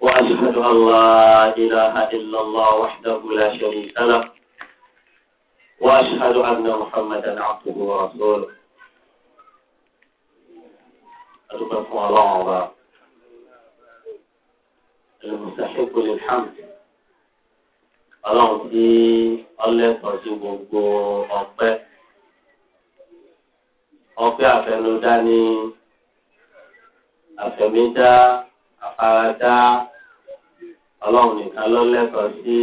وأشهد أن لا إله إلا الله وحده لا شريك له وأشهد أن محمدا عبده ورسوله أتقفوا الله المستحق للحمد ọlọ́run tí ọlẹ́tọ̀ sí gbogbo ọpẹ́ ọpẹ́ àfẹnudá ní àfẹmídá àfaradá ọlọ́run nìkan ló lẹ́tọ̀ọ́ sí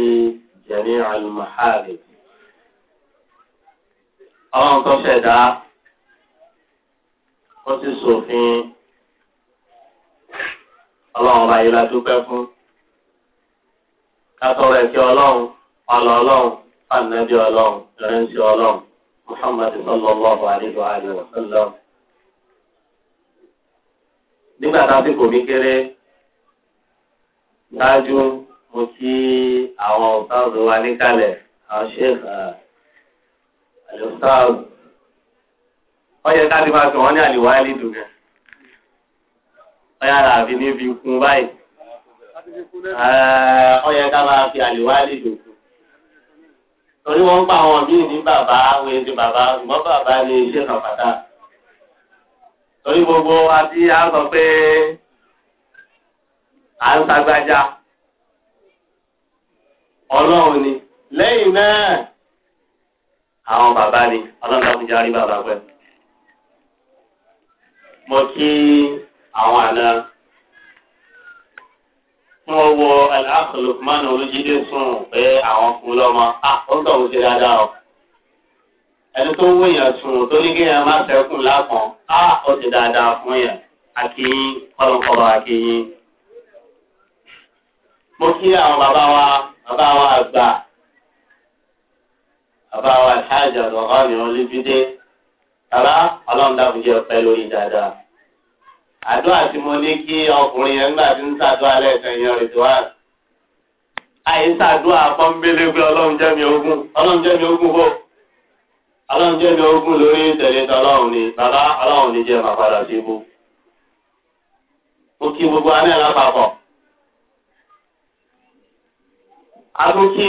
jẹ̀rí àlùmọ̀hárì. ọlọ́run tó ṣẹ̀dá ó sì ṣòfin ọlọ́run ọba yìí la dúpẹ́ fún. kátọ́rọ̀ ẹ̀kí ọlọ́run ọlọ́ ọlọ́run fànàbí ọlọ́run ìrẹsì ọlọ́run Muhammad sallallahu alayhi wa sallam. nígbà tá a fi kò mí kéré ṣáájú mo ti àwọn ọ̀gá òdo wa níkàlẹ̀ àwọn sheikh uh, alùsáàbù wọ́n yẹ ká ti máa sọ wọ́n ní àlìwá ẹ̀lì dùn gan. wọ́n yára àfi níbi kún báyìí. wọ́n yẹ ká máa fi àlìwá ẹ̀lì dùn kù. torí wọ́n ń pa àwọn míì ní bàbá wọ́n ti bàbá ṣùgbọ́n bàbá ni iṣẹ́ kan pàtàkì. torí gbogbo wa tí a sọ pé. à ń sagbájá ọlọ́run ni lẹ́yìn náà àwọn bàbá ni ọlọ́run tó kújà rí bàbá pẹ́. mo kí àwọn àna Fún ọwọ́ wọ aláàkọlù mánu olójídé sùn pé àwọn fún lọ́mọ àwọn tó ń ṣe dáadáa o ẹni tó wọ èèyàn sùn tó ní kéèyàn má sẹ́kùn lápọ̀n á ó ti dáadáa fún yẹn àkíyín kọ́lọ́kọ́lọ́ àkíyín. mo kí àwọn bàbá wa bàbá wa àgbà bàbá wa alhaji àgbà mi wọn lébi dé bàbá ọlọ́run dàbò jẹ́ pẹ́ lórí dáadáa. àdúrà tí mo ní kí ọkùnrin yẹn nígbà tí ń ṣàdúrà lẹ́sẹ̀ yẹn rìdíwáàs àyè ṣàdúrà pọ́nbélégbé ọlọ́run jẹ́ mi ogún ọlọ́run jẹ́ mi ogún bò ọlọ́run jẹ́ mi ogún lórí ìtẹ̀lé tọ́lọ́run ni bàbá ọlọ́run ni jẹ́ màá padà sí ibú. mo kí gbogbo aná ẹ̀ lápapọ̀. akókí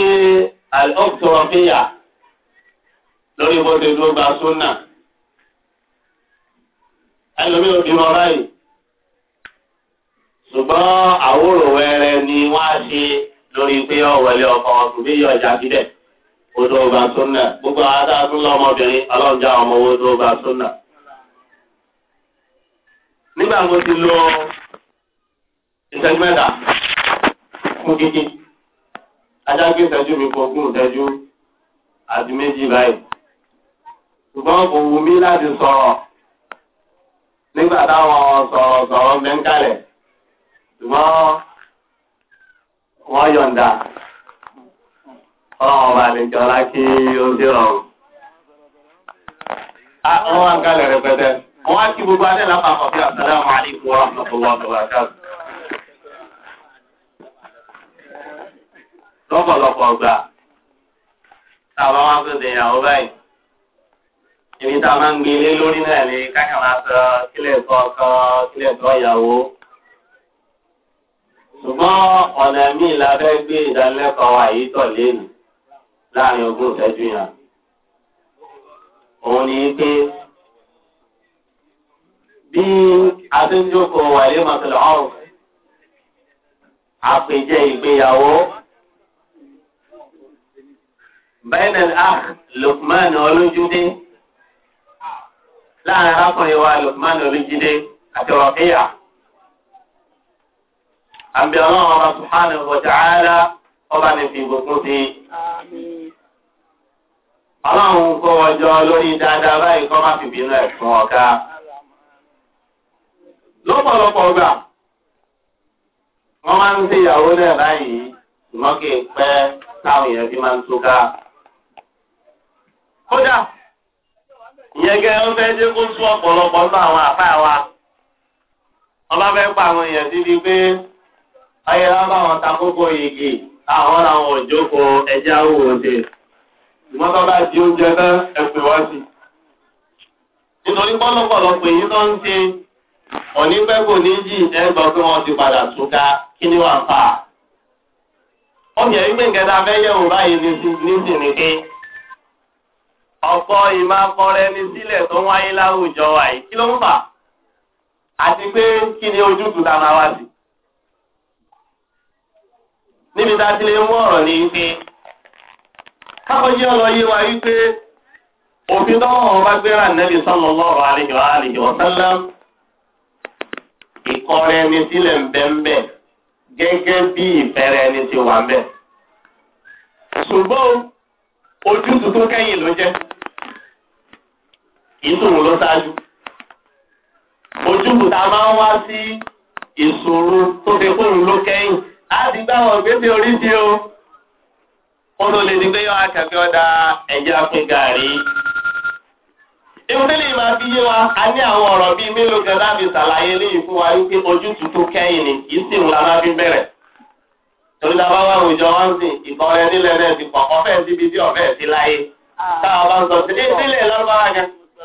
ọ̀tọ̀ọ̀fẹ́yà lórí bọ́dé tó gba súnà ẹlòmíì ò bímọ báyìí ṣùgbọ́n àwòrò wẹrẹ ni wọ́n á ṣe lórí pé ọ̀wẹ̀lẹ̀ ọjà bídẹ̀ gbogbo àwọn ọmọ ti lo fún adágbé ìtẹ́jú mi kọ fún ìtẹ́jú àti méjì báyìí. ṣùgbọ́n kò wù mí láti sọ̀rọ̀ nígbà táwọn sọ̀rọ̀ sọ̀rọ̀ ń bẹ ń kalẹ̀ ṣùgbọ́n wọ́n yọ̀ǹda ọlọ́run ọba àlejò ọlá kí ó sì rọrùn. àwọn ah, àǹkalẹ̀ rẹpẹtẹ wọ́n á kí gbogbo adé lápapọ̀ bí assalamu alaikum warahmatullahi wabarakatuh. lọ́pọ̀lọpọ̀ gbà tá a bá wá fún ìdèyàwó báyìí èmi tá a máa ń gbé ilé lórí náà ni kákan máa sọ kílẹ̀ kan kan kílẹ̀ kan ìyàwó. ṣùgbọ́n ọ̀nà míì la gbé ìdánilẹ́kọ̀ọ́ wa yìí tọ̀ láàrin ogún ìṣẹ́jú yẹn. òun ni pé bí adéńjókòó wà lé mọ̀tòlá ọ̀rùn àpèjẹ ìgbéyàwó. bẹ́ẹ̀nẹ̀l áàf lukman olójúdé láàrin arákùnrin wa lukman olójúdé àti rọ̀kíyà. àbí ọlọ́run ọba subhanahu wa ọba ní fi ìbùkún sí i. ọlọ́run kó ọjọ́ lórí dáadáa báyìí kọ́ fi bínú ẹ̀ ọ̀ka. lọ́pọ̀lọpọ̀ gbà wọ́n máa ń ṣèyàwó náà báyìí ṣùgbọ́n kì í pẹ́ táwọn èèyàn fi máa ń túká. kódà ìyẹn gẹ́gẹ́ ó fẹ́ dé kó sú ọ̀pọ̀lọpọ̀ nínú àwọn àpá wa ọba pa pé ayé bá wọn ta kókó yìgì àwọn làwọn òjòkó bá di oúnjẹ náà wá sí nítorí èyí tó ń ṣe padà kí ni fà á. ó fẹ́ yẹ̀wò báyìí ní ọ̀pọ̀ ìmọ̀-akọrẹ ni sílẹ̀ tó wáyé láwùjọ wa yìí kí ló ń fà àti pé kí ni ojútùú ta máa wá sí. níbi tá a ti lè mú ọ̀rọ̀ ní pé kákọ́jí ọ̀rọ̀ yé wa wípé òfin tọ́wọ́ wọn bá gbéra nẹ́bí sọ́nà lọ́rọ̀ àlejò àlejò ọ̀sánlá ìkọrẹ ni sílẹ̀ ń bẹ́ ń gẹ́gẹ́ bí ìfẹ́rẹ́ ni ti wà ń ṣùgbọ́n ojútùú tó kẹ́yìn ló jẹ́ ìṣòro ló ṣáájú ojúbù tá a máa ń wá sí ìṣòro tó fi kóòrùn ló kẹ́yìn á ti gbá wọn gbé orí di o wọn ló lè ní pé yọ akàbí ọ̀dà ẹ̀jẹ̀ apin gàrí. ìwúlẹ̀ máa fi yé wa a ní àwọn ọ̀rọ̀ bíi mélòó kan láti ṣàlàyé léyìí fún wa wípé ojútùú tó kẹ́yìn ni kì í sì ń la máa fi bẹ̀rẹ̀ torí ta bá wà òjò wọn sìn ìkọrẹ nílẹ̀ náà ti pọ̀ ọ̀fẹ́ síbi tí ọ̀fẹ́ sí láyé ah. táwọn bá ń sọ sí nílẹ̀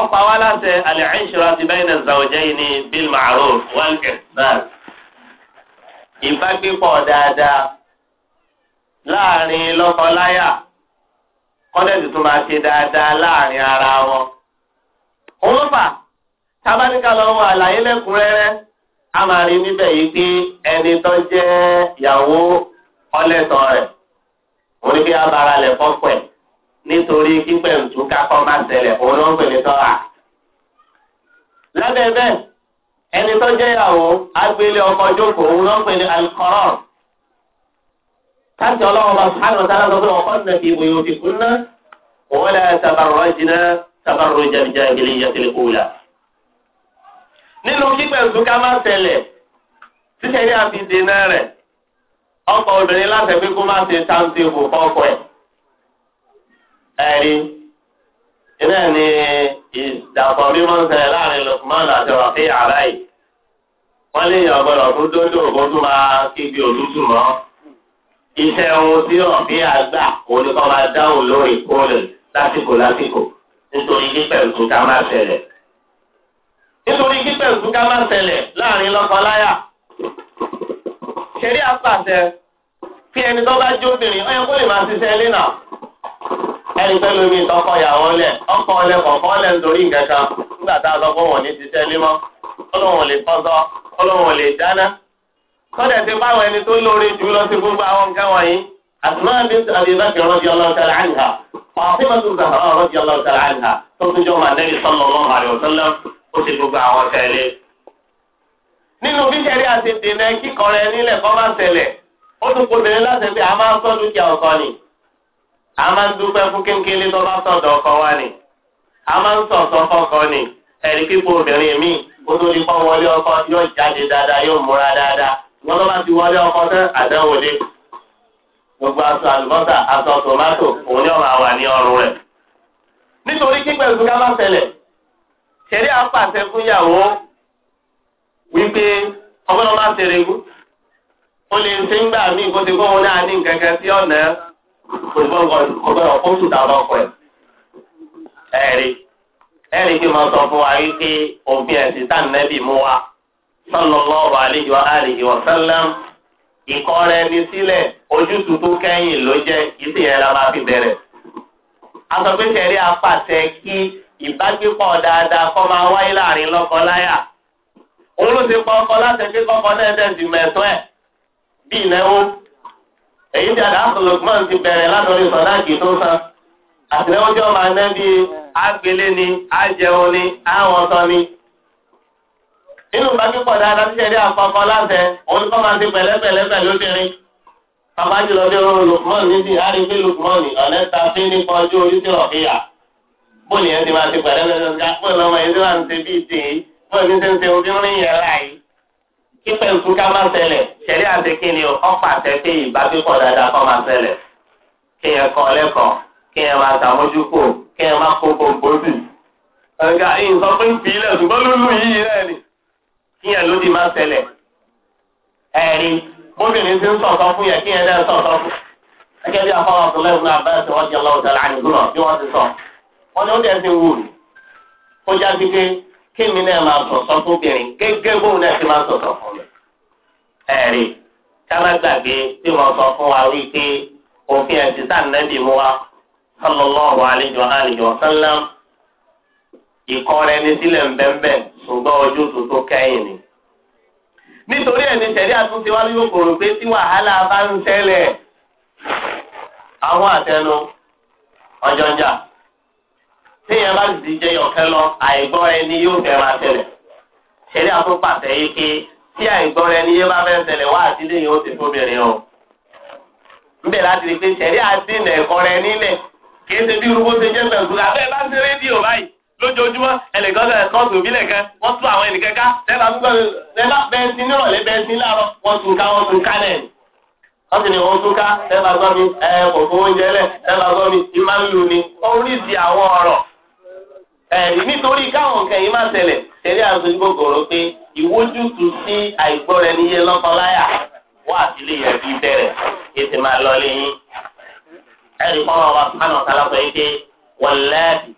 ọ̀pá wa láti al-ishrati bayna ni bil ma'ruf wal ihsan ìbágbépọ̀ dáadáa láàrin lọ́kọ-láyà kọ́lẹ́ẹ̀dì tó máa ṣe dáadáa láàrin ara wọn. òun fà tábánikà lọ́wọ́ àlàyé lẹ́kùnrẹ́rẹ́ a máa rí níbẹ̀ yìí pé ẹni tó jẹ́ ìyàwó ọlẹ́tọ̀ rẹ̀ nítorí pípẹ́ ntúkà kọ́ máa ṣẹlẹ̀ òun ló ń pè ní tọ́ra. lábẹ́ bẹ́ẹ̀ ẹni tó jẹ́ ìyàwó agbélé ọkọ jókòó òun ló ń pè ní alikọ́rọ̀. káàkiri ọlọ́wọ́ bá sùhánù sára sọ pé ọkọ nà kí ìwé òfin kún ná òun lè tabarọ̀ jìnnà tabarọ̀ jàmìjà ìgbélé ìyàtìlẹ̀ kó wùlà. nínú pípẹ́ ntúkà máa ṣẹlẹ̀ sísẹ́ ní àfihàn náà rẹ̀ ọkọ ẹ̀rí iná ni ìdàpọ̀ bí wọ́n ń ṣẹlẹ̀ láàrin Lukman àti rafi arai wọ́n lè yàn gbọ́dọ̀ fún dóńdó kó tún máa kígbe òtútù mọ́ iṣẹ́ ohun tí rafi àgbà kò ní kọ́ máa dáhùn lóòrèkóòrè lásìkò lásìkò nítorí pípẹ́ òtún ká máa ṣẹlẹ̀ nítorí pípẹ́ òtún ká máa ṣẹlẹ̀ láàrin lọ́kọ-láyà ṣeré àpàṣẹ kí ẹni tó bá jó obìnrin ọyàn kó lè máa ṣiṣẹ́ ilé náà ẹni tó lórí ìtọ́kọ ìyàwó lẹ̀ ọkọ ọlẹ́kọ̀ọ́ kọ́ lẹ̀ nítorí nǹkan kan nígbà tá a sọ fún wọn ní ti sẹ́lé mọ́ ọlọ́wọ̀n lè fọ́sọ́ ọlọ́wọ̀n lè dáná. sọ́dẹ̀ ti báwọn ẹni tó lórí jù lọ sí gbogbo àwọn nǹkan wọ̀nyí Asma bint Abi Bakr radiyallahu ta'ala anha Fatima Zahra radiyallahu ta'ala anha tó tún jọ máa nẹ́bi sallallahu alaihi wasallam ó ti gbogbo àwọn tẹ̀lé. nínú bíkẹ́rì àti a máa ń dúpẹ́ fún kéńkéńlé tó bá sọ̀dọ̀ ọkọ wa ni a máa ń ọsọ fọkọ ni ẹ̀rí pípọ̀ obìnrin mi kó tó di pọ́ ọkọ yóò jáde dáadáa yóò múra dáadáa wọn lọ́ bá ti wọlé ọkọ tán àdánwò gbogbo aṣọ àlùbọ́sà aṣọ tòmátò òun ni ọ̀rọ̀ àwà ọrùn rẹ̀. nítorí má ṣẹ̀rí wípé ọgbọ́n kò gbọ́dọ̀ kó sùn dáadáa ọkọ ẹ̀. ẹ̀rí ẹ̀rí kí wọ́n sọ fún wa wípé òfin ẹ̀sìn tá nẹ́bì mú wa sallallahu alaihi wa alihi wa sallam ìkọrẹ ẹni sílẹ̀ ojútùú tó kẹ́yìn ló jẹ́ ìsì yẹn la máa fi bẹ̀rẹ̀. asọ̀pẹ̀sẹ̀rí apàṣẹ ọkọ èyí tí àdáàbò lukman ti bẹ̀rẹ̀ látọ̀rí sọ̀dáàkì tó san àtìlẹ́wọ́jọ́ máa ná bí agbélé ni ajẹun ni àwọn tán ni. nínú ìbákípọ̀ dáadáa ti ṣẹ̀dí àpapọ̀ láṣẹ òun kọ́ máa ti pẹ̀lẹ́pẹ̀lẹ́ pẹ̀lú obìnrin. bàbá jùlọ bí orun lukman ní ti lukman ọ̀lẹ́ ta fi ní kọjú orí sí ọ̀fíà. bóyá ti máa ti pẹ̀lẹ́pẹ̀lẹ́ pípẹ́ nkúta máa ń ṣẹlẹ̀ ṣẹlẹ̀ àdékìní ọ̀pá àtẹ́tẹ́ ìbágbépọ̀ dáadáa kọ́ máa ń ṣẹlẹ̀ kí yẹn kọ́ lẹ́kọ̀ọ́ kí yẹn máa ṣàmójúkò kí yẹn máa kó gbogbo sí. ọ̀gá ìsọ pé ṣùgbọ́n lólu yìí rẹ̀ ni kí máa ń ẹ̀rí bóbìnrin ti ń sọ̀tọ̀ fún kí sọ̀tọ̀ fún. bí sọ. kama gbàgbé tí wọ́n sọ fún wa wípé òfin ẹ̀sìn tá nẹ́bí mu wa sallallahu alayhi wa alihi ìkọ́ rẹ ní sílẹ̀ ńbẹ́ńbẹ́ ṣùgbọ́n ojú tuntun kẹ́yìn ni. nítorí ẹni tẹ̀lé àtúnṣe wá pé tí wàhálà bá ń ṣẹlẹ̀ àwọn àtẹnu bá àìgbọ́ ẹni yóò tí àìgbọ́n rẹ níye bá fẹ́ ṣẹlẹ̀ wá àtìlẹ́ yìí ó ti fóbìnrin o. Nbẹ̀ láti rí pé sẹ̀rí àti ẹ̀kọ́ rẹ nílẹ̀ kì í ṣe bí irúgbó ṣe jẹ́ pẹ̀lú abẹ́ bá ṣe rédíò báyìí lójoojúmọ́ ẹnìkan tó bílẹ̀ kan wọ́n tún àwọn ẹnìkan ká bẹ́ẹ̀sì nírọ̀lẹ́ bẹ́ẹ̀sì láàárọ̀ wọ́n tún ká wọ́n tún ká lẹ̀ wọ́n ní wọ́n tún ká mi ẹ̀rí nítorí káwọn nǹkan yìí máa tẹ̀lẹ̀ tẹ̀lé àtúntò gbogbooro pé ìwójútu sí àìgbọ́ra ẹni yé lọ́kọ́láyà wà sílé yẹn bí bẹ̀rẹ̀ ètè máa lọ lẹ́yìn. ẹ̀rí kọ́mọ wa sánà sálábọ̀ yìí pé wọ́n lẹ́ẹ̀dì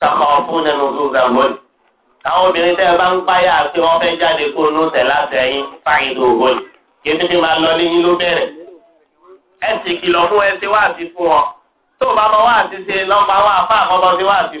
sọ̀kọ̀ fún ẹnu tó ga wọ́n. àwọn obìnrin tẹ́ ẹ bá ń páyà pé wọ́n fẹ́ jáde kó inú tẹ̀ láti ẹyin fáyidò wọ́n. ètè máa lọ lẹ́yìn ló bẹ̀rẹ̀. ẹ̀ ti kìlọ̀ fún ẹ ti wá àti fún ọ tó o bá mọ wá àti ṣe lọ́mbà wá fún àkọ́kọ́ ti wá àti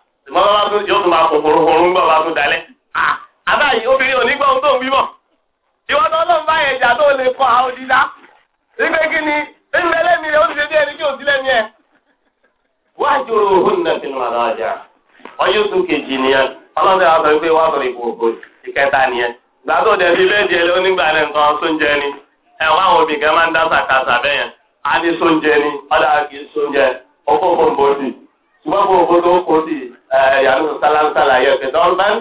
ìmọ̀lá bá tún yóò tún máa kòkòrò òórùn gbọ́ bá tún dalẹ̀. a obìnrin ò ní gbọ́ ohun tó ń bímọ. ìwọ tó lọ́n bá yẹn tó lè àwọn òdìdá. kí ni nínú ẹlẹ́mi rẹ̀ ó ti ṣe bí ẹni tí ò sí lẹ́mi ẹ̀. wá náà sínú àlọ́ ọjà. tún kejì nìyẹn ọlọ́dẹ wa sọ pé wá sọ ìkẹta nìyẹn. tó onígbà rẹ̀ nǹkan sóúnjẹ ni àwọn ni ọ̀dà kì yàrá sálánsálà yẹ fẹ dọ́nbán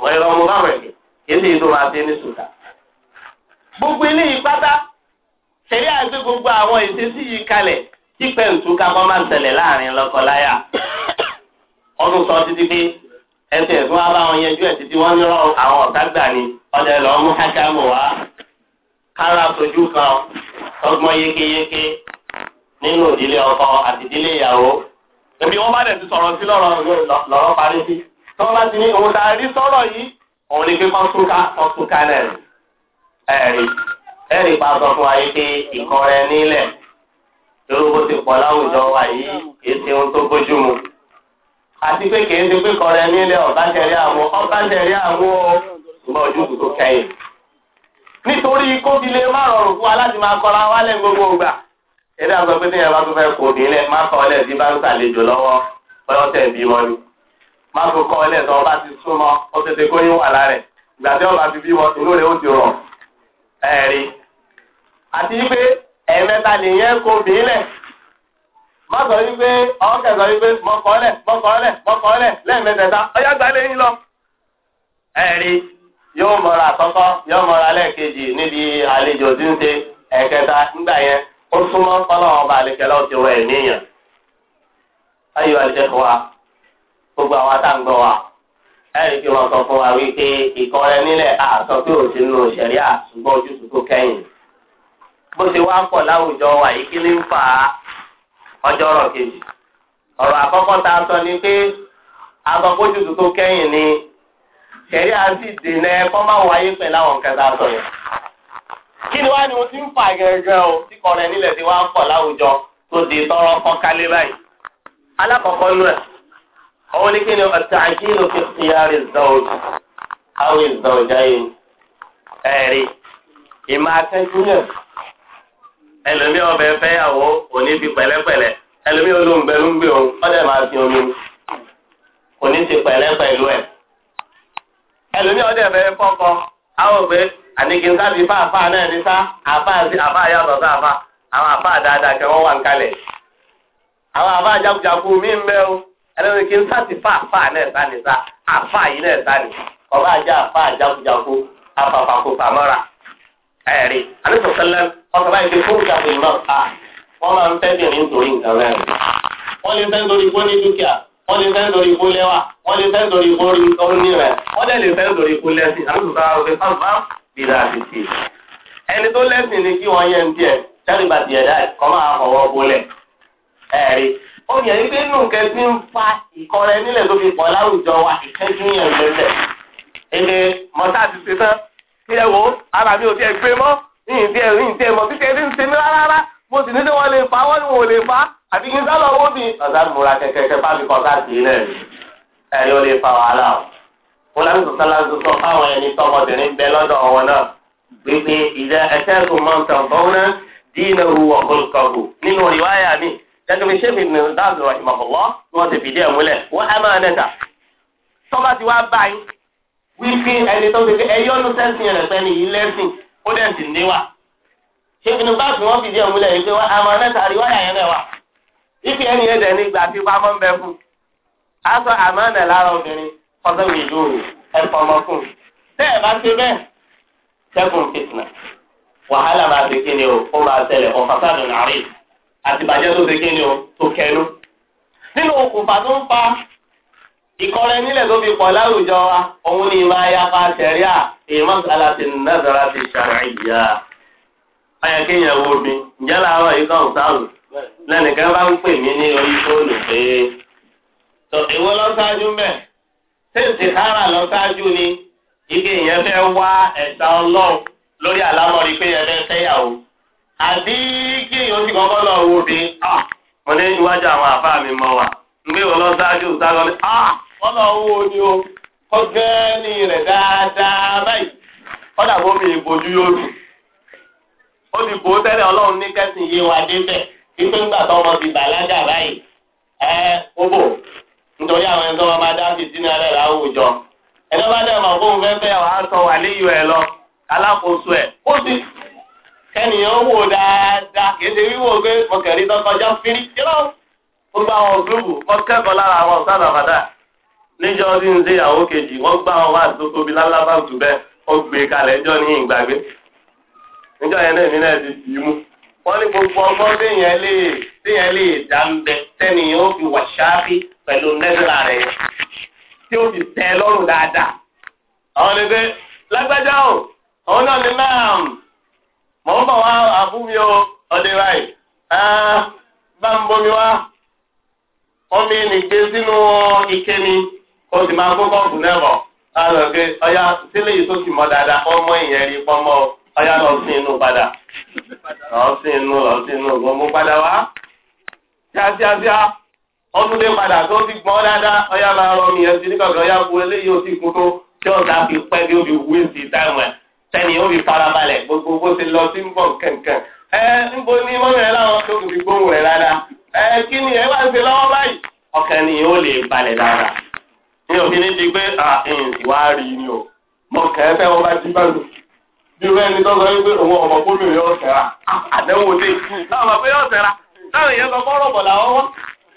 wọ́n yọ ọmọ báwọn ẹ̀mí kí ní ìlú máa dé ní sùdà. gbogbo ilé ìpátá ṣẹ̀rí àti gbogbo àwọn ìṣesí yìí kalẹ̀ kí pẹ̀ǹtù kábọ́ máa ń tẹ̀lẹ̀ láàrin lọ́kọ-láyà. ọdún sọ títí pé ẹsẹ̀ tó wá bá wọn yanjú ẹ̀ títí wọ́n ní rọrùn àwọn ọ̀tá gbà ní ọdẹ lọ mú hákàmù wá. kára sojú kan ọgbọ́n yékéyéké nínú ìdílé ọkọ àti ìdílé ìyàwó èmi wọn bá dẹ̀ ti sọ̀rọ̀ sí lọ́rọ̀ lọ́rọ̀ parí sí tí wọ́n bá ti ní òun ta rí sọ̀rọ̀ yìí òun ni pé kọ́ túká kọ́ túká náà rí ẹ̀rí ẹ̀rí pa sọ fún wa yìí pé ìkan nílẹ̀ lórí bó ti pọ̀ láwùjọ wa yìí kìí ṣe ohun tó bójú mu àti pé kìí ṣe pé kan rẹ nílẹ̀ ọ̀bá tẹ̀lé àwọn ọ̀bá tẹ̀lé àwọn ìmọ̀ ojúbù tó kẹ́yìn nítorí kóbi lè má rọrùn fún wa láti máa kọ́ra wálẹ̀ gbogbo ìgbà ede sọ pé téèyàn bá tún fẹ́ kó obìnrin lẹ̀ má kọ́ ọ lẹ̀ bá ń sàlejò lọ́wọ́ ọlọ́tẹ̀ bímọ ni má tún kọ́ ọ lẹ̀ ọba ti súnmọ́ ó tètè kó yín wà lára ẹ̀ ìgbà tí ọba ti bímọ inú rẹ̀ ó ti ẹ̀rí àti pé nìyẹn kó obìnrin má sọ ọyá lọ ẹ̀rí yóò mọ̀ra àkọ́kọ́ yóò mọ̀ra lẹ́ẹ̀kejì níbi àlejò tí ń ṣe ẹ̀kẹta O súnmọ́ fọlọ́wọ́n ọba àlekẹ́lá ó ti rọ ẹ̀mí wa gbogbo àwọn wa ẹ̀rí kí wọ́n sọ fún wa wípé nù ojútùú tó ti wá ń láwùjọ wa yìí kí ń fà á kejì a sọ ni pé àtọ́kójútùú tó kẹ́yìn ni sẹ̀ríà sì dènà ẹ̀kọ́ máa wáyé pẹ̀lú àwọn kẹta sọ kí ni wá ni mo ti ń fà gẹ́gẹ́ o tí kọrẹ nílẹ̀ tí wá ń pọ̀ láwùjọ tó di tọrọ kọ́ kálé báyìí. alákọ̀ọ́kọ́ inú ẹ̀ òun ni kí ni ọ̀tí àjílò fi ti yára ìzọ́ọ̀jù àwọn ìzọ́ọ̀jà yìí ẹ̀rí ìmọ̀ akẹ́kọ̀ọ́ yẹn ẹlòmíì ọbẹ̀ fẹ́yàwó òní ti pẹ̀lẹ́pẹ̀lẹ́ ẹlòmíì olóńgbẹ̀lúngbẹ̀ òun ọ̀dẹ̀ máa fi omi òní ti pẹ̀lẹ́pẹ̀lú ẹ̀ ẹlòmíì ọdẹ àníkè sá ti fa àfa náà ní sá àfa àti àfa yàtọ̀ sá àfa àwọn àfa dáadáa kẹ́ wọ́n wà ń kalẹ̀ àwọn àfa jagunjagun mi ń bẹ o ẹlẹ́wọ̀n kì í sá ti fa àfa náà sá ní sá àfa yìí náà sá ní ọba àjẹ àfa jagunjagun afafako famọ́ra ẹ̀rí àníṣọ̀sẹ́lẹ̀ ọ̀sán báyìí ti fún ìjàpè náà ta wọ́n máa ń fẹ́ bìnrin nítorí nǹkan rẹ̀ wọ́n lè fẹ́ nítorí kó ní dúkìá wọ́n lè fẹ́ nítorí kó lẹ́wà wọ́n lè fẹ́ nítorí kó ní rẹ̀ wọ́n lè fẹ́ nítorí kó lẹ́sìn àníṣọ̀sẹ́lẹ̀ bí dáa ti tì. ẹni tó lẹ́sìn ni kí wọ́n yẹn ń tiẹ̀ sẹ́ni bá tiẹ̀ dáa kọ́ máa fọwọ́ bolẹ̀ ẹ̀rí. ó yẹ kí inú kẹsí ń fa ìkọrẹ nílẹ̀ tó fi pọ̀ láwùjọ wa ìkẹ́jú yẹn lẹ́lẹ̀. èmi mọ̀tá ti ṣe tán kí ẹ wo ara mi ò tiẹ̀ gbé mọ́ ìyìn tiẹ̀ ìyìn tiẹ̀ mọ̀ títẹ̀ ẹni ń ṣe mí rárá mo sì ní wọ́n lè fa wọ́n ní wọ́n lè fa àti kí n sá lọ wọ́n mi. ọ̀sán múra kẹ̀kẹ́ kẹ́ kọ́ sáà tì í náà ẹ̀rí ó lè fa wàhálà o fúlàní sọ̀tàlá ń sọ fáwọn ẹni tọmọbìnrin bẹ lọ́dọ̀ ọ̀wọ́ náà gbégbé ìdá ẹ̀tẹ́gùn mọ́ntàn bọ́ọ̀nà dínà hu ọ̀kọ́lùkọ́hù nínú ìwáyà mi gẹ́gẹ́ bí sẹ́fì ní dáàbò rahimahullah ni wọ́n ti fìdí ẹ̀ múlẹ̀ wọ́n á máa nẹ́ta tọ́ba ti wá báyìí wípé ẹni tó ti fi ẹyọ́nu sẹ́sìn rẹ̀ sẹ́ni yìí lẹ́sìn ó dẹ̀ sì níwà sẹ́fì ní báàbò wọ́n fìdí ẹ̀ yẹn dẹ̀ ní gbà fipá ń bẹ fún aṣọ àmánà lára obìnrin ọdún ìlú ẹ̀fọ́ ọmọkùnrin. tẹ́ ẹ bá ṣe bẹ́ẹ̀ ṣẹ́gun fitna wàhálà máa ṣe kí ni o ó máa ṣẹlẹ̀ ọ̀fàṣàdùn àtìbàjẹ́ tó kí ni o tó kẹnu. nínú okùnfà tó ń fa ìkọrẹ nílẹ̀ tó fi pọ̀ láwùjọ wa òun ni máa pa ìmọ̀ nàzàrà ti kéèyàn wo mi ǹjẹ́ làárọ̀ yìí kàn sáàrù lẹ́nìkan bá ń pè mí ní orí fóònù pé ìwọ mẹ́ẹ̀. tẹ̀sí hàrà lọ sáájú ni ike ìyẹn fẹ́ wá ẹ̀sà ọlọ́run lórí àlámọ̀rí pé ẹ fẹ́yàwó àbí kí ó ti kọ́kọ́ lọ wo bí ah! mo ní àwọn àbá mi mọ wa ngbé wọn lọ sáájú sáájú ni ah! wọn lọ wo ni o kọ́gẹ́ ní rẹ̀ dáadáa báyìí kọ́dà bó mi yóò dùn ó ti bò nítorí àwọn ẹni tó wọn máa dá fìdí náà rẹ̀ láwùjọ ẹni bá dẹ̀ mọ̀ fóun fẹ́ wàá sọ wà léyìí ẹ̀ lọ alákòóso ẹ̀ ó sì kẹ́nìyàn wò dáadáa kì í ṣe wíwò pé mo kẹ̀rí fírí kí lọ́wọ́ gbogbo àwọn gúrùbù wọ́n kẹ́kọ̀ọ́ lára àwọn ọ̀sán àbàdà níjọ́ tí ń ṣe ìyàwó kejì wọ́n gbá wọn wá tó tóbi lálábàtú bẹ́ẹ̀ ó gbé e kalẹ̀ ẹjọ́ ní ìgbàgbé níjọ́ yẹn náà èmi ti tì mú wọ́n ní gbogbo ọgbọ́n téèyàn lè téèyàn lè dá ń bẹ tẹ́nìyàn ó fi wà ṣááfì pẹ̀lú nẹ́sìlá rẹ̀ tí ó fi tẹ́ lọ́rùn dáadáa. àwọn ni pé lágbájá o àwọn náà ní náà mọ̀ ń bọ̀ wá àbúmi o ọdẹ báyìí bá ń bomi wá omi nìgbé sínú ike o sì máa kó kọ́ọ̀bù náà bọ̀ pé ọya sílé yìí tó dáadáa ọmọ ìyẹn rí pọ́nmọ́ ọya lọ sí inú padà lọ sí inú lọ sí inú padà wá. ọdún lé padà tó ti gbọ́n dáadáa ọyá máa rọ mi ya nígbàgbọ́ ọyá kú eléyìí ó ti kú tó tí ọ̀gá fi pẹ́ bí ó fi táwọn ẹ̀ ó fi farabalẹ̀ lọ sí ń bọ̀ ẹ ni láwọn tó fi gbóhùn dáadáa ẹ ẹ wá ń lọ́wọ́ báyìí ọkàn ni ní di ah, o fẹ́ wọn bá jí bí ẹni tó sọ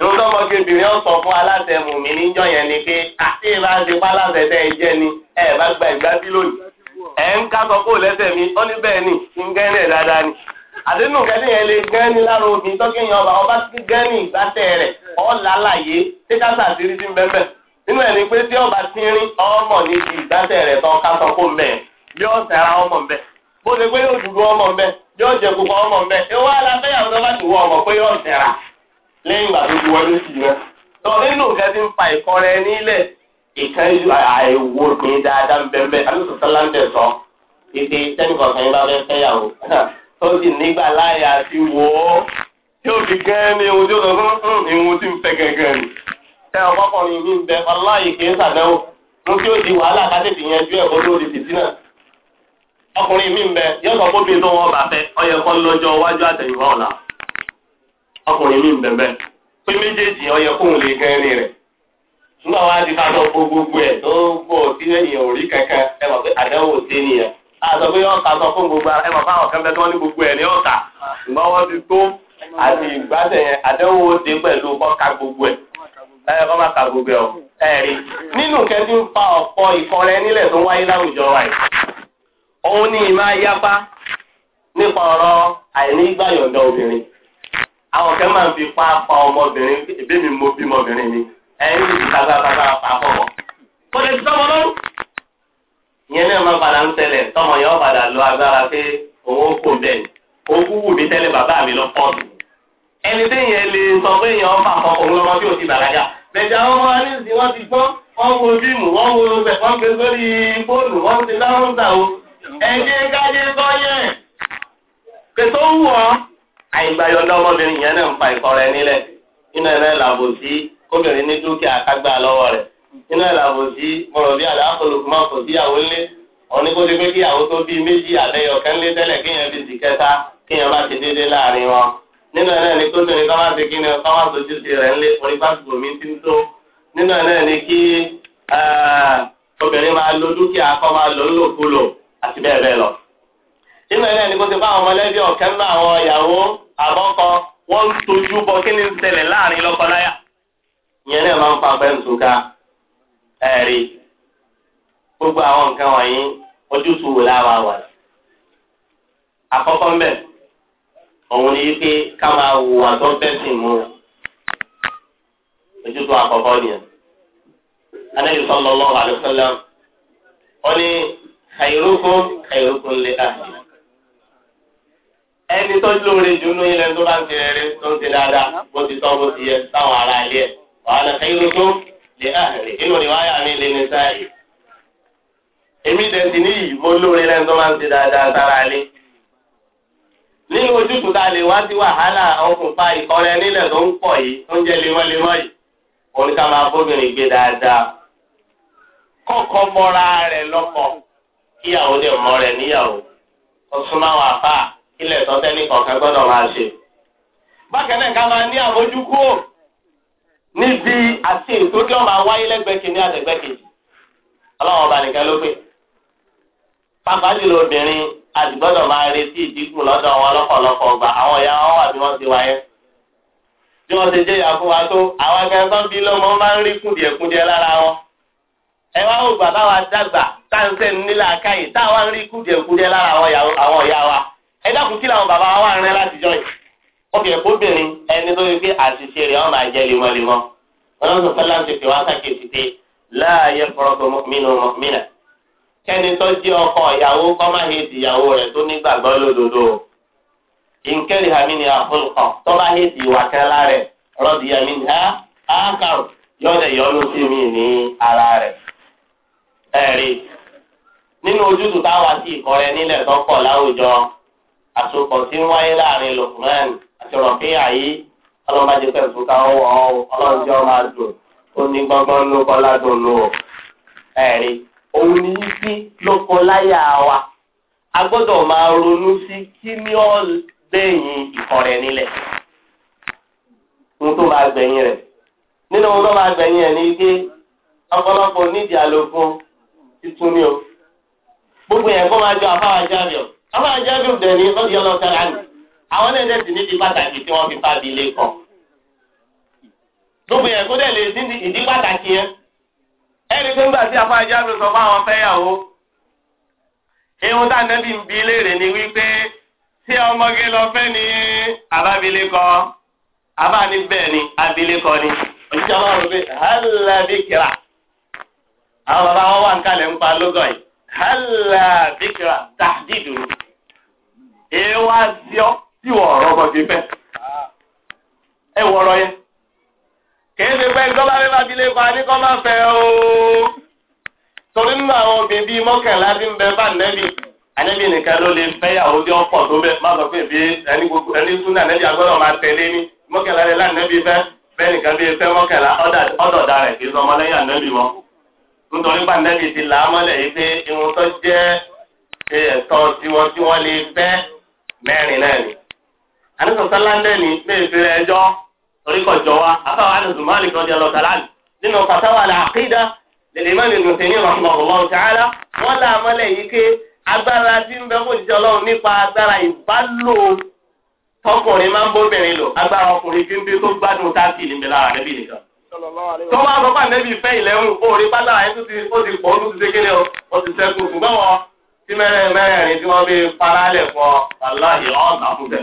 lóòótọ́ ọmọkébìnrin yóò sọ fún aláṣẹ mùmí níjọ́ yẹn ni pé àti ìbá ti pa ẹ jẹ ni ẹ bá gba ìgbà lónìí. ń ká mi ó ní ni kí n dáadáa ni. àdínú yẹn lè ní lára obìnrin tọ́kẹ́yìn ọba ọba ti gẹ́rẹ́ ní rẹ̀ ọ́ làlàyé ọba ti ọmọ ní ti rẹ̀ ká sọ kó ọmọ bó ṣe pé ọmọ yóò jẹ ọmọ ewu tó lẹ́yìn ìgbà tó ti wọlé sí náà. sọ nínú nǹkan tí ń fa ìkọrẹ nílẹ̀ ìkan àìwò ní dáadáa bẹ́ẹ̀ sọ kan bá fẹ́ fẹ́yàwó tó nígbà láàyè àti wò ó tí ó fi gẹ́ẹ́ ní ohun tí ó sọ fún hmm, tí ń fẹ́ gẹ́gẹ́ ni. ọkọkùnrin mi ń bẹ ọláyè kì í sàdánwò ó di wàhálà kátètè bẹ fún ọkùnrin mi ń bẹ̀bẹ̀ pé méjèèjì ọyẹ kóun lè gan ẹni rẹ̀ nígbà wá di káàtó gbogbo ẹ̀ tó gbọ́ sí ẹ̀yìn òrí kankan ẹ mọ̀ pé sí àtọ̀ pé sọ fún gbogbo ẹ mọ̀ fáwọn kan gbogbo ẹ̀ ní ti tó àti ìgbàsẹ̀ yẹn àdánwò dé pẹ̀lú gbogbo ẹ̀ ẹ kọ́ máa ka gbogbo ẹ̀ ẹ̀rí nínú kẹ́tí ń fa ọ̀pọ̀ nílẹ̀ àwọn kan máa ń fi pa pa ọmọbìnrin ebi mi mo bí ọmọbìnrin mi ẹyin ti ta bá bá bá pa pọ̀ kó lè tọmọ lọ́rùn. ìyẹn náà máa padà ń tẹ̀lẹ̀ tọmọ yẹn ó padà lọ agbára pé òun ó kó bẹ́ẹ̀ ogún wù mí tẹ́lẹ̀ bàbá mi lọ pọ́ọ̀tù. ẹni téèyàn lè sọ pé èèyàn fà kọ òun lọ́mọ tí ò ti bàlágà. bẹ̀jà wọn máa wọn ti gbọ́ wọn wo bíìmù wọn wo bẹ̀ wọn gbé sórí fóònù wọn ti dáhùn sàwọ. ẹ̀jẹ̀ kájé àyìnbáyọ ọlọ́mọbìnrin yẹn náà ń fa ìkọrẹ nílẹ̀ inú ẹ̀rẹ́ làbò sí kóbìnrin ní dúkìá kágbá lọ́wọ́ rẹ̀ inú ẹ̀rẹ́ làbò sí mọ̀rọ̀ bí àdáfọlùkù máa fò síyàwó lé ọ̀ní kó ti pé kíyàwó tó bí méjì àbẹ́yọkẹ́ ńlé tẹ́lẹ̀ kéèyàn bí ti kẹta kéèyàn bá ti dédé láàrin wọn nínú ẹ̀rẹ́ ni kóbìnrin kọ́ máa ti kí ni kọ́ máa sojú sí rẹ̀ ńlé orí pásítọ̀ mi ti ń tó nínú ẹ̀rẹ́ ni kí obìnrin máa lo dúkìá kọ́ máa lò ńlòkulò àti bẹ́ẹ̀ bẹ́ẹ̀ lọ nínú ẹ̀ náà ni kó ti bá àwọn ọmọlẹ́bí ọ̀kẹ́ ńlá àwọn ìyàwó àbọ́kọ wọ́n ń tojú bọ kí ni ń ṣẹlẹ̀ láàrin lọ́kọláya ìyẹn náà máa ń fa ọbẹ̀ ntúka ẹ̀rí gbogbo àwọn nǹkan wọ̀nyí ojútùú wò láwa wà sí. àkọ́kọ́ ńbẹ̀ òun ni pé ká máa wò wà tó bẹ́ẹ̀ sì mú ojútùú àkọ́kọ́ nìyẹn. anáyọ̀ sallallahu alaihi wasallam ó ní khairukum khairukum li ahli ẹni tó lóore jù nínú ilẹ̀ tó bá ń tẹ̀lé rẹ tó ń tẹ̀lé dáadáa bó ti tọ́ bó ti yẹ táwọn ará ilé ẹ̀ wàhálà kẹ́yìn tó lè àhẹ̀rẹ̀ inú ni wáyà mi lè ní sáàyè. èmi dẹ̀sí níyì mo lóore lẹ́nu tó máa ń tẹ̀lé dáadáa sára ilé. ní ojútùú ta lè wá sí wàhálà ọkùnfà ìkọrẹ nílẹ̀ tó ń pọ̀ yìí tó ń jẹ́ lemọ́lemọ́ yìí òun ká máa bóbìnrin gbé dáadáa. kọ́kọ́ mọ́ra rẹ̀ lọ́kọ kíyàwó ilẹ̀ tọ́tẹ́ ní kọ̀ọ̀kan gbọ́dọ̀ máa ṣe. bákan náà ká máa ní àmójúkú níbi àti ètò kí wọ́n máa wáyé lẹ́gbẹ̀ẹ́ kìíní àtẹ̀gbẹ́ kejì ọlọ́run ọba nìkan ló pè. pàápàá jùlọ obìnrin àdìgbọ́dọ̀ máa retí ìdínkù lọ́dọ̀ wọn lọ́pọ̀lọpọ̀ ọgbà àwọn ìyá wọn wà bí wọ́n ti wáyé. bí wọ́n ti jẹ́ ìyá fún wa tó àwọn akẹ́kọ̀ọ́ bíi lọ́mọ máa ń rí kùdìẹ̀kùdìẹ lára wọn. ẹ wá ògbà báwa dàgbà táǹtẹ̀ nílà káyì táwa ń rí kùdìẹ̀kùdìẹ lára àwọn ìyá wa ẹ dákun kí làwọn bàbá wa wà rẹ látijọ́ yìí wọ́n fi ẹ̀kọ́ obìnrin ẹni tó fi àṣìṣe rẹ̀ wọ́n máa jẹ́ lemọ́lemọ́ wọn lọ́sọ̀ fẹ́ láti fi wá sàkíyèsí pé láàyè fọ́rọ́gbọ́ mọ́mínú mọ́mínà kẹ́ni tó jẹ́ ọkọ ìyàwó kọ́ máa he di ìyàwó rẹ̀ tó nígbàgbọ́ lódodo ìǹkẹ́rì hàmí ni àfọlùkọ́ tó bá he di ìwà kẹ́lá rẹ̀ rọ́ọ̀dì yàmí ni ákàrù yọ̀dẹ̀ yọ̀lú sí mi ní ara rẹ̀ ẹ̀rí nínú ojútùú táwa sí ìkọrẹ nílẹ̀ tó pọ̀ láwùjọ àsopọ̀ tí ń wáyé láàrin Lukman àti rọ̀bíyà yìí ọlọ́mọ ajé pẹ̀lú fún káwọn wọ̀ ọ́ ọlọ́run jẹ́ ọmọ àdùn ó ní gbọ́ngbọ́n ló kọ́ ládùn ló o ẹ̀rí òun ní sí ló kọ́ láyà wa a gbọ́dọ̀ máa ronú sí kí ni ó gbẹ̀yìn ìkọ̀rẹ́ nílẹ̀ ohun tó máa gbẹ̀yìn rẹ̀ nínú ohun tó máa gbẹ̀yìn rẹ̀ ni pé ọ̀pọ̀lọpọ̀ nídìí àlòfún títún ní o gbogbo yẹn kó máa jọ àfáwájá rẹ̀ àwọn àjẹbí ọdẹ ní ọdí ọlọtẹ lánàá àwọn ẹlẹ́dẹ̀ sì níbi pàtàkì tí wọ́n fi fábí ilé kọ. gbogbo yẹn kó dẹ̀ lè dín ìdí pàtàkì yẹn. ẹni tó ń gbà sí afọ àjẹbí sọ fún àwọn fẹ́yàwó. ihun tá a nẹ́bí ń bi léèrè ni wípé tí ọmọge lọ fẹ́ ni àbábílékọ àbáni bẹ́ẹ̀ ni abilékọ ni. òṣìṣẹ́ ọlọ́run rò pé hàlàbíkìrà àwọn bàbá wọn wà ń kalẹ̀ ń pa lógọ̀ yìí hàlàbíkìrà tàdídùú èé wá sí ọ tí wọ́n ọ̀rọ̀ ọmọ ti fẹ́ ẹ wọ ọ̀rọ̀ yẹn kìí ṣe pé gbọ́dọ̀ bí bá bilé pa ní kọ́ máa fẹ́ ooo torí nínú àwọn obìnrin bíi mọ́kànlá ti ń bẹ bá nẹ́bí anẹ́bí nìkan ló lè fẹ́yàwó bí ọ̀pọ̀ tó bẹ́ẹ̀ má sọ pé bí ẹni gbogbo ẹni tún náà nẹ́bí agbọ́dọ̀ máa tẹ̀lé ní mọ́kànlá rẹ̀ lánàbí fẹ́ bẹ́ẹ̀ nìkan bíi fẹ́ mọ́kànlá ọ̀dọ̀dà rẹ̀ kì í sọ ọmọlẹ́yìn anẹ́bí mọ́ nítorí pàǹdẹ́bì ti là á mọ́lẹ̀ yìí pé irun tó jẹ́ ẹ̀tọ́ tiwọn tí wọ́n lè fẹ́ mẹ́rin náà ni àníkàn sálánlẹ́ ni bẹ́ẹ̀ fi rẹ̀ ẹjọ́ oríkọ̀jọ́ wa afáwọn àdùnnú máàlì kan di ọlọ́ta láàlú nínú fatawa làákídà lèlèmánì lùsẹ̀mí rahmanullah ta'ala wọ́n là mọ́lẹ̀ yìí ké agbára tí ń bẹ fún ìjọ ọlọ́run nípa agbára ìbálò tọkùnrin máa ń bóbìnrin lò agbára ọkùnrin tí ń bí tó gbádùn táàkì níbi lára rẹ̀ bí nìkan tó máa sọ pé ànẹ́bí fẹ́ ìlẹ́hùn ó rí pátá ẹ̀ tó ti pọ̀ ó ti ṣe kéde ó ti sẹ́kù ṣùgbọ́n tí mẹ́rin mẹ́rin tí wọ́n bí paralẹ̀ fún ọ aláhi ọ̀n àbúbẹ̀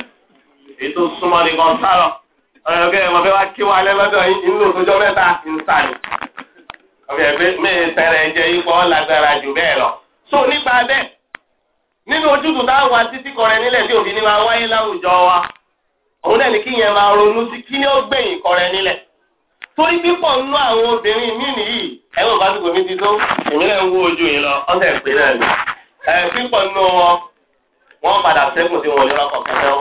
èyí tó súnmọ́ ní gọ́ńtàrọ̀ ọ̀rọ̀ kẹ́ wọ́n fẹ́ wá kí wa lẹ́lọ́dọ̀ inú òtòjọ́ mẹ́ta ìsàlù ọ̀rọ̀ tẹ̀rẹ̀ ọ̀làgbára jù bẹ́ẹ̀ lọ. so nípa bẹ́ẹ̀ nínú ojútùú táwọn wa títí kọrẹ nílẹ̀ tí òbí ni máa wáyé láwùjọ wa òun náà kí yẹn máa ronú sí kí ni ó gbẹ̀yìn kọrẹ nílẹ̀ torí pípọ̀ àwọn obìnrin mí nìyí ti tó ń wo ojú yìí lọ ẹ pípọ̀ nù wọn wọ́n padà sẹ́kùn sí wọn lọ́kọ̀ kẹlẹ́ o.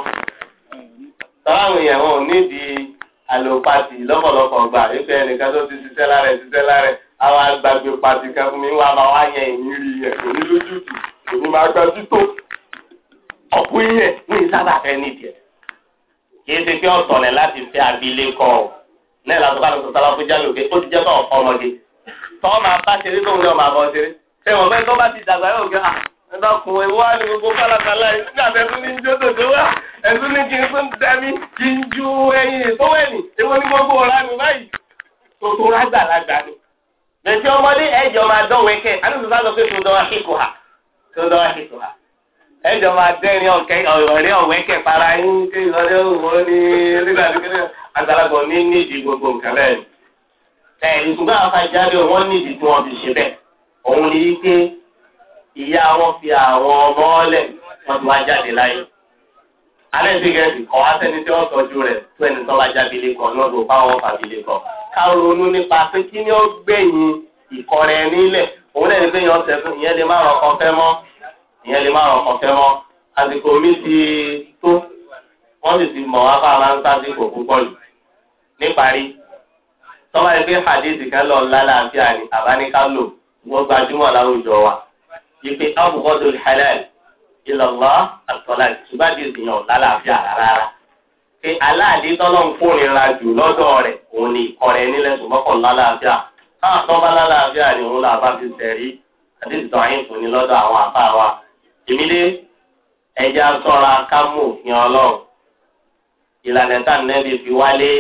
sọ́wọ́n èèyàn wọn ò nídìí àlòpàtì lọ́pọ̀lọpọ̀ gbà wípé ẹnìkan tó ti ṣiṣẹ́ lára ẹ̀ ṣiṣẹ́ lára ẹ̀ àwọn àgbàgbé pàtì kan fún mi wà máa wá yẹn ìrírí yẹn kò ní lójú tù kò ní máa gbajú tó ọ̀pọ̀ yẹn ní ìsábà fẹ́ nídìí ẹ̀. kì í ṣe pé ọ̀tọ̀nẹ̀ láti fẹ́ abilékọ o náà látọ̀ bá lọ́sọ̀ sábà fún jálòkè ó ti jẹ́ bá ọ̀pọ̀ ọmọge tọ́ máa bá ṣeré tóun ẹ̀dá kun ẹ̀wọ́ á ní gbogbo kálákálá yìí nígbà tẹ́ tún ní ń jó tòtò wá ẹ̀tún ní kí n tún dẹ́mi kí n ju ẹyin sówẹ́ẹ̀lì èwo ní gbogbo ọ̀rá mi báyìí tòtò rágbà lágbà ni. bẹ̀sẹ̀ ọmọdé ẹ̀jọ̀ máa dán wẹ́kẹ̀ alùpùpù sá lọ pé tó dán àkíkò ha tó dán àkíkò ha ẹ̀jọ̀ máa dẹ́rin ọ̀rẹ́ ọ̀wẹ́kẹ̀ para yín kí ìrọ̀lẹ́ òwò ní nígbà tí àgbàlagbọ̀ ní nídìí gbogbo nǹkan bẹ́ẹ̀ ni. ni wípé ìyá wọn fi àwọn ọmọ ọlẹ̀ wọn ti wá jáde láyé alẹ́ ti gẹ̀ẹ́sì kọ́ wá sẹ́ni tí wọ́n tọ́jú rẹ̀ tó ẹni tó bá jáde lé kọ́ náà tó bá wọn fàbí lé ká ronú nípa pé kí ni ó gbẹ̀yìn ìkọrẹ nílẹ̀ òun lẹ́ni pé yẹn ọ̀sẹ̀ fún ìyẹn lè má rọ̀ kan fẹ́ mọ́ ìyẹn lè má rọ̀ kan fẹ́ àsìkò mi ti tó wọ́n sì ti mọ̀ wá bá máa ń sásìkò púpọ̀ jù níparí tọ́wá ẹgbẹ́ hadith kan lọ lálàáfíà ni àbáníkálò wọ́n gbajúmọ̀ láwùjọ wa ìpè abghadu al-halal ila Allah àtọ́lá ìtúbà di ìyàn lálàáfíà rárá pé aláàdé tọ́lọ́ ń kórìíra jù lọ́dọ̀ rẹ̀ òun ni ìkọrẹ́ nílẹ̀ ṣùgbọ́n lálàáfíà náà tọ́ba lálàáfíà ni òun làbá fi tẹ̀rí àdéhùn àyìn fún ni lọ́dọ̀ àwọn àbá wa ìmílé ẹja sọ́ra ká mú òfin ọlọ́run ìlànà tá nẹ́bí fi wálé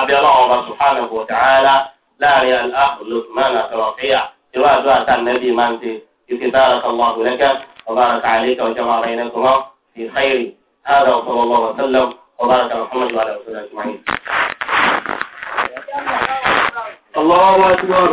abẹ́ ọlọ́run ọba subhanahu wa ta'ala láàrin aláàbò lukman àtọ̀rọ̀fẹ́yà irú àdúrà tá nàbí máa ń ṣe ìfi dára sọ̀rọ̀ àbúlẹ́kẹ́ ọba àrùkà àlékà ọjọ́ máa rẹ̀ nínú wọn fi xẹ́yìrì hàdà ọ̀sọ̀rọ̀ ọba wàsálàm ọba àrùkà muhammadu wa alayhi wa sallam ajma'in. Allahu akbar.